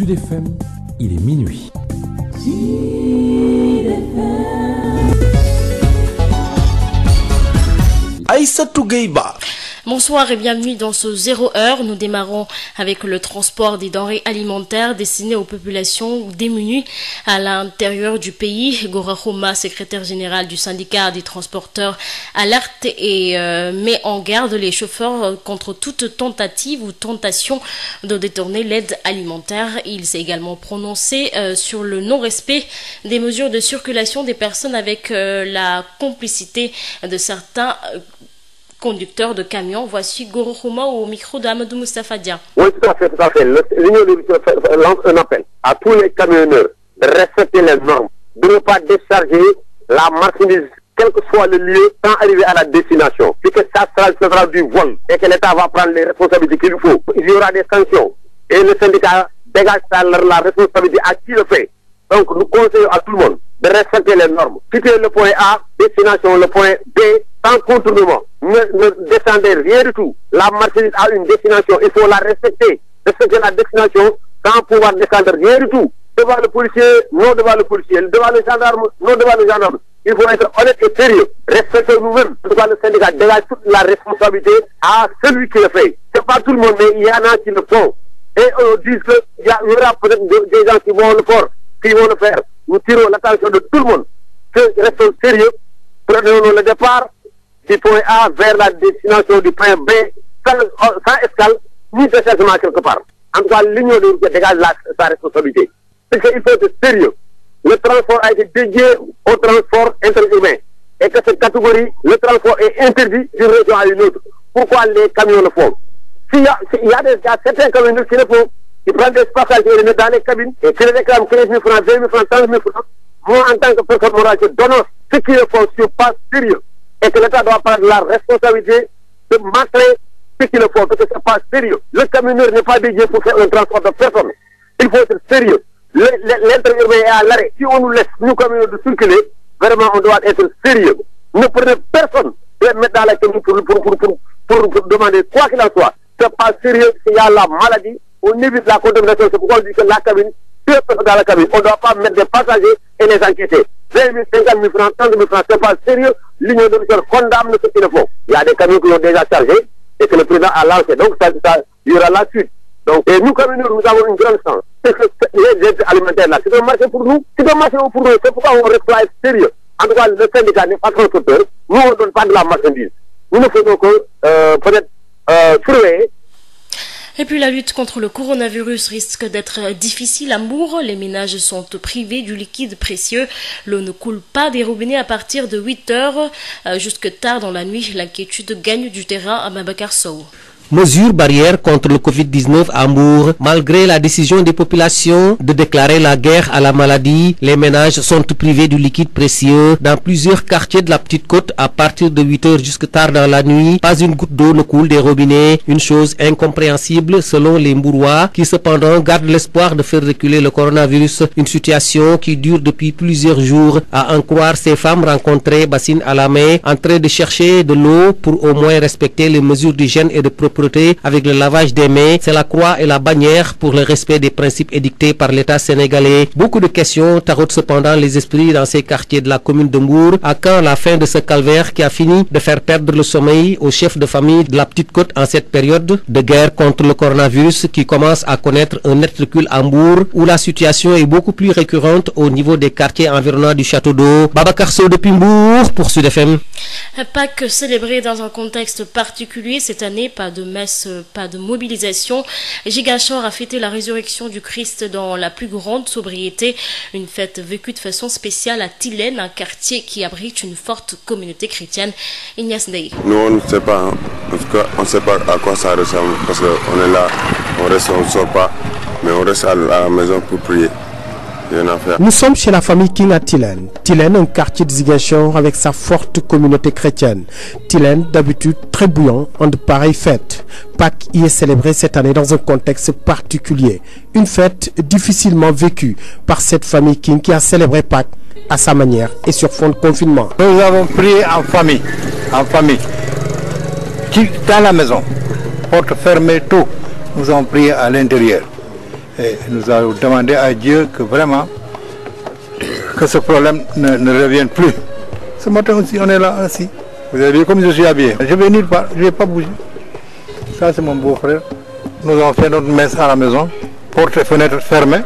Sud FM, il est minuit. Aïssatou Gueye Ba Bonsoir et bienvenue dans ce zéro heure. Nous démarrons avec le transport des denrées alimentaires destinées aux populations démunies à l'intérieur du pays. Gora Khouma, secrétaire général du syndicat des transporteurs, alerte et euh, met en garde les chauffeurs contre toute tentative ou tentation de détourner l'aide alimentaire. Il s'est également prononcé euh, sur le non-respect des mesures de circulation des personnes avec euh, la complicité de certains euh, Conducteur de camion, voici Goro Khouma au micro d'Amadou Moustapha Dia. Oui, tout à fait, tout à fait. L'Union des routiers lance un appel à tous les camionneurs de respecter les normes, de ne pas décharger la marchandise, quel que soit le lieu, tant arriver à la destination. Puisque ça sera, du vol et que l'État va prendre les responsabilités qu'il faut. Il y aura des sanctions et le syndicat dégage la responsabilité à qui le fait. Donc, nous conseillons A, destination sans contournement ne ne descendez rien du tout la marchandise a une destination il faut la respecter respecter la destination sans pouvoir descendre rien du tout devant le policier non devant le policier devant le gendarme non devant le gendarme il faut être honnête sérieux respecter vous-même devant le syndicat dégage toute la responsabilité à celui qui le fait c'est pas tout le monde y en a qui le font et on dit que y a il y aura peut qui vont le faire qui du point A vers la destination du point B euh, sans, escale ni déchargement quelque part. En tout a Et que cette le transport est interdit d'une région à une autre. Pourquoi les camions le font si y, a des gars, certains camions qui le font, qui prennent des passagers et cabines et qui les réclament 15 000 francs, 20 000 moi, en tant que personne morale, je donne ceux qui le font sur sérieux. et que l'État doit prendre la responsabilité de montrer ce qu'il faut, parce que c'est pas sérieux. Le camionneur n'est pas dédié pour faire un transport de personnes. Il faut être sérieux. L'interurbain est à l'arrêt. Si on nous laisse, nous camionneurs, de on doit être sérieux. Ne prenez personne les mettre dans la commune pour, pour, pour, pour, pour demander quoi qu'il en soit. C'est sérieux, il y la maladie, on évite la contamination. C'est pourquoi on dit que la cabine, personne dans la cabine. On ne doit pas li européenne condamne ce qu'il faut. Il y a des déjà chargé et que le président Donc, ça, ça, il y la suite. Donc, et nous, comme nous, nous avons une grande chance. C'est que les aides alimentaires, là, c'est un pour nous. C'est un marché pour nous. C'est pourquoi on reste là sérieux. En tout cas, le syndicat pas trop peur. Nous, on ne donne la marchandise. Nous ne faisons que, euh, peut Et puis la lutte contre le coronavirus risque d'être difficile à Mbour. Les ménages sont privés du liquide précieux. L'eau ne coule pas des robinets à partir de 8 heures. Euh, jusque tard dans la nuit, l'inquiétude gagne du terrain à mesures barrières contre le Covid-19 à Mbour. Malgré la décision des populations de déclarer la guerre à la maladie, les ménages sont privés du liquide précieux. Dans plusieurs quartiers de la Petite Côte, à partir de 8 heures jusque tard dans la nuit, pas une goutte d'eau ne coule des robinets. Une chose incompréhensible selon les Mbourois qui cependant gardent l'espoir de faire reculer le coronavirus. Une situation qui dure depuis plusieurs jours. À la main, en train de chercher de l'eau pour au moins propreté avec le lavage des mains, c'est la croix et la bannière pour le respect des principes édictés par l'État sénégalais. Beaucoup de questions tarotent cependant les esprits dans ces quartiers de la commune de À quand la fin de ce calvaire qui a fini de faire perdre le sommeil aux chefs de famille de la Petite Côte en cette période de guerre contre le coronavirus qui commence à connaître un net recul où la situation est beaucoup plus récurrente messe, pas de mobilisation. Gigachor a fêté la résurrection du Christ dans la plus grande sobriété. Une fête vécue de façon spéciale à Tilène, un quartier qui abrite une forte communauté chrétienne. Ignace Ndeye. Nous, on ne sait pas. Hein. En tout cas, on ne sait pas à quoi ça ressemble parce qu'on est là, on reste, on ne sort pas, mais on reste à la maison pour prier. Nous sommes chez la famille King à Tilène. Tilène, un quartier de Ziguinchor avec sa forte communauté chrétienne. Tilène, d'habitude très bouillant en de pareilles fêtes. Pâques y est célébrée cette année dans un contexte particulier. Une fête difficilement vécue par cette famille King qui a célébré Pâques à sa manière et sur fond de confinement. Nous avons prié en famille, en famille, dans la maison, porte fermée, tout. Nous avons prié à l'intérieur. Et nous avons demandé à Dieu que ce problème ne, revienne plus. Ce matin aussi, on est là, assis. comme je suis habillé. Je vais nulle part, je vais pas bouger. Ça, c'est mon beau-frère. Nous avons fait notre messe à la maison, porte fenêtre fermées.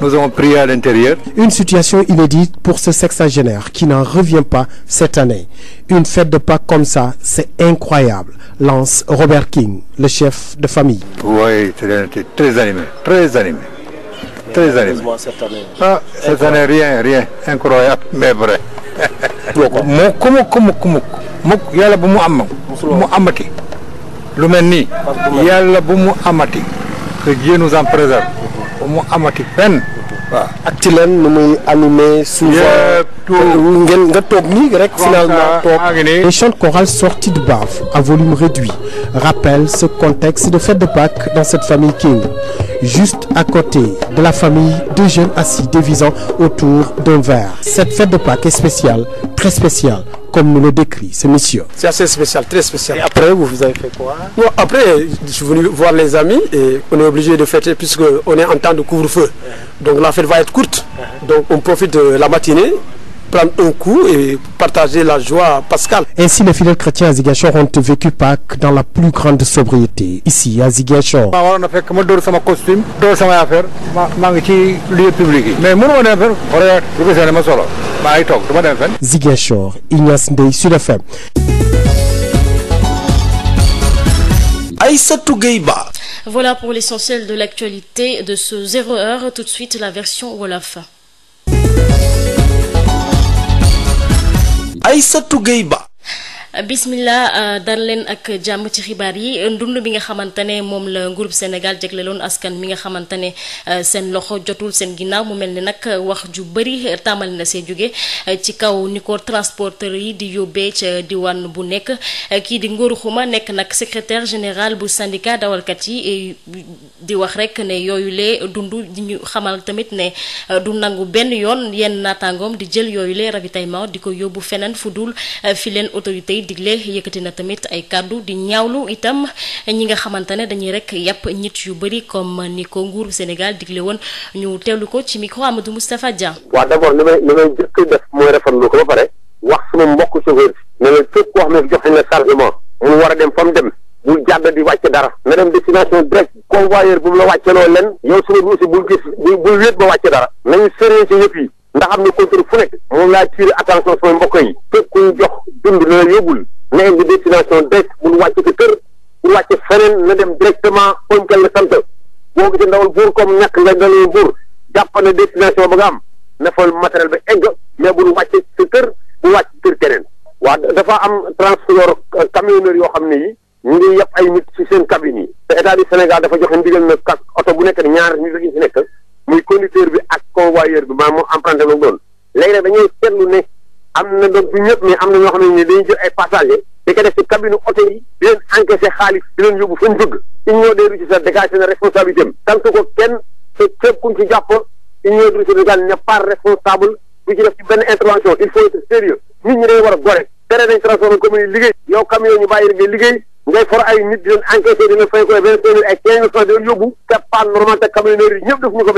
Nous avons prié à l'intérieur. Une situation inédite pour ce sexagénaire qui n'en revient pas cette année. Une fête de Pâques comme ça, c'est incroyable, lance Robert King, le chef de famille. Oui, c'était très animé, très animé. Très animé. Cette année. Ah, cette incroyable. année, rien, rien. Incroyable, mais vrai. yàlla bu mu am mu amati lu mel nii yàlla bu mu amati que Dieu nous en préserve mu amati fenn waaaa ak ci leen nu muy animé ngeen nga toog nii rek finalement toog les chants chorales sortis du BAF à volume réduit rappellent ce contexte de fête de Pâques dans cette famille King juste à côté de la famille deux jeunes assis dévisant autour d'un verre cette fête de Pâques est spéciale très spéciale comme nous le décrit ce monsieur. C'est assez spécial, très spécial. Et après, voir les amis et on est obligé de fêter puisque on est en temps de couvre-feu. Donc la fête va être courte. Uh -huh. Donc on profite de la matinée prendre un coup et partager la joie pascale. Ainsi, les fidèles chrétiens à Ziguinchor ont vécu Pâques dans la plus grande sobriété ici à Ziguinchor. a fekk ma dóor sama costume dóor ma maa ngi ci lieu public yi. mais mënu ma dem fenn solo maa ngi toog du ma dem fenn. Voilà pour l'essentiel de l'actualité de ce 0 heure. Tout de suite, la version Wolof. Aïssatou Ba bismillah euh, dal leen ak jàmm ci xibaar yi ndund bi nga xamante ne moom la nguurub Sénégal jagleeloon askan mi nga xamante ne euh, seen loxo jotul seen ginnaaw mu mel ni nag wax ju bëri tàmbali na see jóge euh, ci kaw ni ko transporteur yi di yóbbee ca diwaan bu nekk kii di Ngor Xuma nekk nag secretaire général bu syndicat dawalkat yi di wax rek ne yooyu lee dund di ñu xamal tamit ne du nangu benn yoon yenn naataangoom di jël yooyu lee ravitaillement di ko yóbbu feneen fu dul fi leen autorité digle yëkkati na tamit ay kàddu di ñaawlu itam ñi nga xamante ne dañuy rek yàpp nit yu bëri comme ni ko nguuru Sénégal digle woon ñu teewlu ko ci micro Amadou Moustapha Dia. waaw d'abord li may li may jëkk def mooy rafetlu ko ba pare wax sunu mbokku chauffeur bi ne leen képp koo xam ne jox nañ la chargement mu war a dem fa mu dem. bul jàdd di wàcce dara nga dem destination direct convoyeur bu mu la wàcce loo leen yow su ma aussi bul gis bul wéet ba wàcce dara nañu sérieux yëpp yi ndax bind na la yóbbul na indi destination direct mun wàcc ko kër pour wàcc feneen na dem directement poñkal la sant boo gisee ndawal buur comme ñàkk nga ndawal buur jàpp na destination ba nga am na fa matériel ba egg mais bu bul wàcc sa kër bu wàcc kër keneen waa dafa am transport camionneur yoo xam ne yi ñu ngi yàpp ay nit si seen cabine yi te état du Sénégal dafa jox ndigal na kak oto bu nekk ne ñaar ñu fi nekk muy conducteur bi ak convoyeur bi maanaam moom emprunté la doon léegi nag ne am na donc du ñëpp mais am na ñoo xam ne ni dañuy jël ay passagers di ko def ci cabine oto yi di leen encaissé xaalis di leen yóbbu fu ñu bëgg union des régisseurs dégagé na responsabilité ci jàpp union des def ñu bàyyi ko mais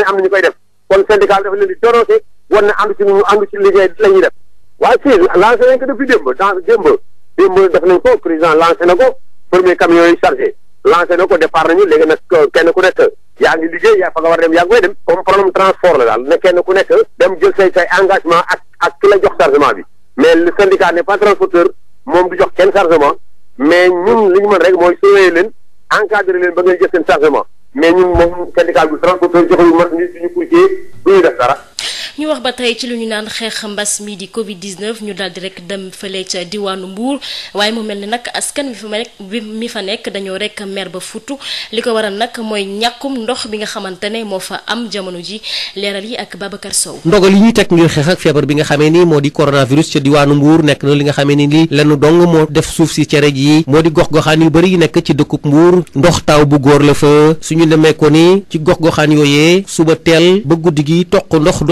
am na ñu koy def kon syndicat dafa leen di doroose war na àndu ci ñu àndu ci liggéey lañuy def waaye si lancé nañ ko depuis démb dans démb démb def nañ ko président lancé na ko premier camion yi chargé lancé na ko départ nañu léegi nag euh, kenn ku nekk yaa ngi liggéey yaa fa nga war dem yaa ngi dem comme problème transport la daal ne kenn ku nekk dem jël say say engagement ak ak ki la jox chargement bi mais le syndicat n'est pas transporteur moom di jox kenn chargement mais ñun li ñu mën rek mooy surveiller leen encadrer leen ba ngay jël seen chargement mais ñun moom syndicat bi transporteur dara ñu wax ba tey ci lu ñu naan xeex mbas mi di Covid 19 ñu daal di rek dem fële ca diwaanu Mbour waaye mu mel ni nag askan wi fa nekk mi fa nekk dañoo rek mer ba futu li ko waral nag mooy ñàkkum ndox bi nga xamante ne moo fa am jamono ji leeral yi ak Babacar Sow. ndogal yi ñuy teg ngir xeex ak feebar bi nga xamee ni moo di coronavirus ca diwaanu mbuur nekk na li nga xamee ni li lanu dong moo def suuf si cere ji moo di gox-goxaan yu bëri yi nekk ci dëkkub Mbour ndox taw bu góor la fa suñu demee ko ni ci gox-goxaan yooyee suba teel ba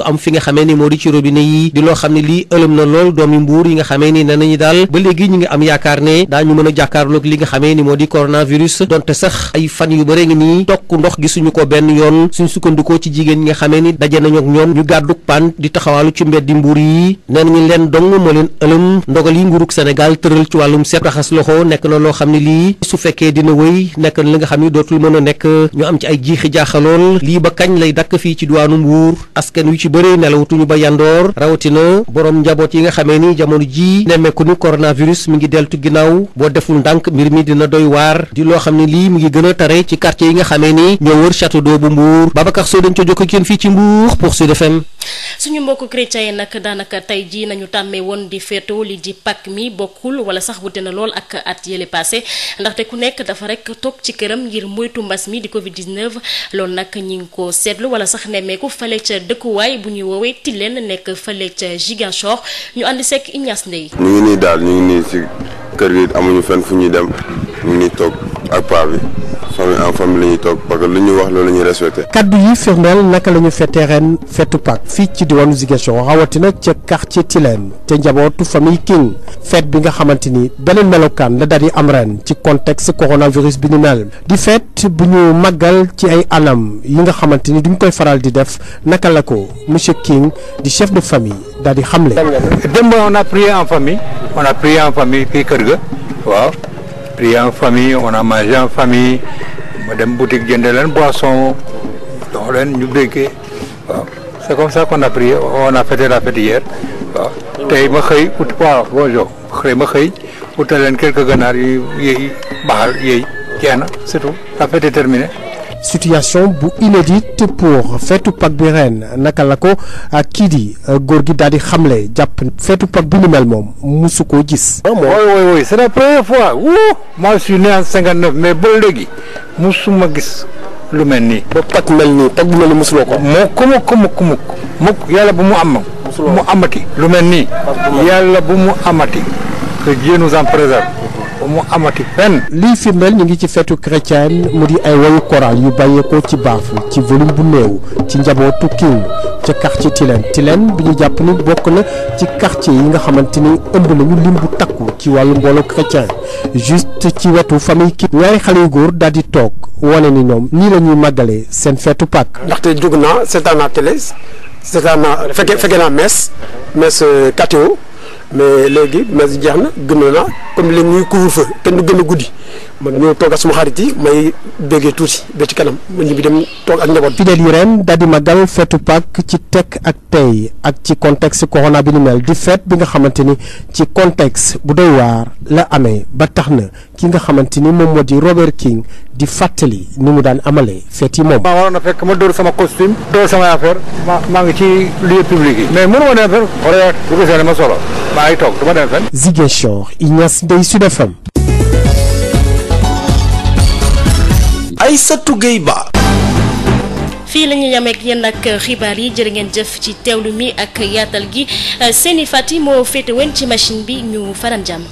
am fi nga xamee ni moo di ci robinet yi di loo xam ne lii ëlëm na lool doomi mbuur yi nga xamee ni nee nañu daal ba léegi ñu ngi am yaakaar ne daañu mën a jàkkaarloog li nga xamee ni moo di coronavirus donte sax ay fan yu bëre ngi nii tokk ndox gisuñu ko benn yoon suñ sukkandikoo ci jigéen ñi nga xamee ni daje nañu ak ñoom ñu gàdduk paan di taxawaalu ci mbeddi mbuur yi nee nañu leen dong moo leen ëlëm ndogal yi nguurug Sénégal tëral ci wàllum set raxas loxo nekk na loo xam ne lii su fekkee dina wëy nekk na li nga xam ne dootul mën a nekk ñu am ci ay jiixi jaaxalool lii ba kañ lay dakk fii ci diwaanu mbuur askan wi ci bëri nelawutuñu ba yandoor rawatina borom njaboot yi nga xamee ni jamono jii nemmeeku ni coronavirus mi ngi deltu ginnaaw boo deful ndànk mbir mi dina doy waar di loo xam ne lii mu ngi gën a tare ci quartier yi nga xamee ni ñoo wër château d'eau bu Mbour Babacar Sow dañ ko jokk ak fii ci Mbour pour Sud FM suñu mbokku chrétien yi nak daanaka tey jii nañu tàmmee woon di féetoo li di Pâques mi bokkul wala sax wute na lool ak at yële passé ndaxte ku nekk dafa rek toog ci këram ngir moytu mbas mi di Covid 19 loolu nag ñi ngi ko seetlu wala sax nemmeeku fale ca dëkkuwaay bu ñuy woowee Tilène nekk fële ca Ziguinchor ñu ànd sekk Ignace Ndeye. ñu ngi nii daal ñu ngi nii ci kër gi amuñu fenn fu ñu dem. mu ngi toog ak paa bi famille en famille la ñuy toog parce que lu ñu wax loolu la ñuy respecté. kaddu yi firndeel naka la ñu fëttee ren fetu Pâques fii ci diwaanu Ziguinchor rawatina ca quartier Tilène te njabootu famille King fête bi nga xamante ni beneen melokaan da daal di am ren ci contexte coronavirus bi ni mel di fête bu ñu màggal ci ay anam yi nga xamante ni duñ koy faral di def naka la ko monsieur King di chef de famille daal di xamle. démb on a prié en famille on a kër ga waaw. prié en famille on a mangé en famille ma dem boutique jënd leen boisson dox leen ñu békkee waaw c'est comme ça qu'on a prié on a fêté la fête hier waaw tey ma xëy ut waaw bonjour xëy ma xëy utal leen quelques ganaar yu yëy baxal yëy jeex na c'est tout la fête est terminée situation bu inédite pour feetu Pâques bi ren naka la ko ak ah, kii di ah, góor gi daal di xamle jàpp feetu Pâques bu ni mel moom musu koo gis. oui mais ba léegi musuma gis lu mel nii. ba Pâques mel nii Pâques mel nii musuloo ko. mukk mukk mukk mukk yàlla bu mu am. mu amati lu mel nii. yàlla bu mu amati. que Dieu nous en préserve. mu amati fenn. liy firndeel ñu ngi ci feetu chrétien mu di ay woyu choral yu bàyyeekoo ci baafu ci volume bu néew ci njabootu kiiw ca quartier Tilène Tilène bi ñu jàpp ni bokk na ci quartier yi nga xamante ni ëmb nañu lim bu takku ci wàllu mbooloo chrétien juste ci wetu famille ki ñaari xale yu góor daal di toog wane ni ñoom nii la ñuy màggalee seen feetu Pâques. ndaxte jóg naa seetaan naa télé seetaan naa fekkee fekkee naa messe messe euh, catéo. mais léegi mes jeex na gën naa comme léegi ñuy couvre-feu kenn du gën guddi man ñëw toog ak suma xarit yi may béggee tuuti ba ci kanam ma ñibbi dem toog ak njaboot. fidèles yi ren daal ma magal fetu Pâques ci tekk ak tey ak ci contexte corona bi ni mel di fet bi nga xamante ni ci contexte bu doy waar la amee ba tax na ki nga xamante ni moom moo di Robert King di fàttali ni mu daan amalee feet yi moom. maa waroon a fekk ma dóor sama costume dóor sama affaire maa ngi ci lieu public yi. mais mënu ma dem solo. maa ngi toog du dem fenn. Ziguinchor Ignace Ba. fii la ñu yenn yéen ak xibaar yi jël ngeen jëf ci teewlu mi ak yaatal gi seeni fàtt yi moo féete woon ci machine bi ñu faran jàmm.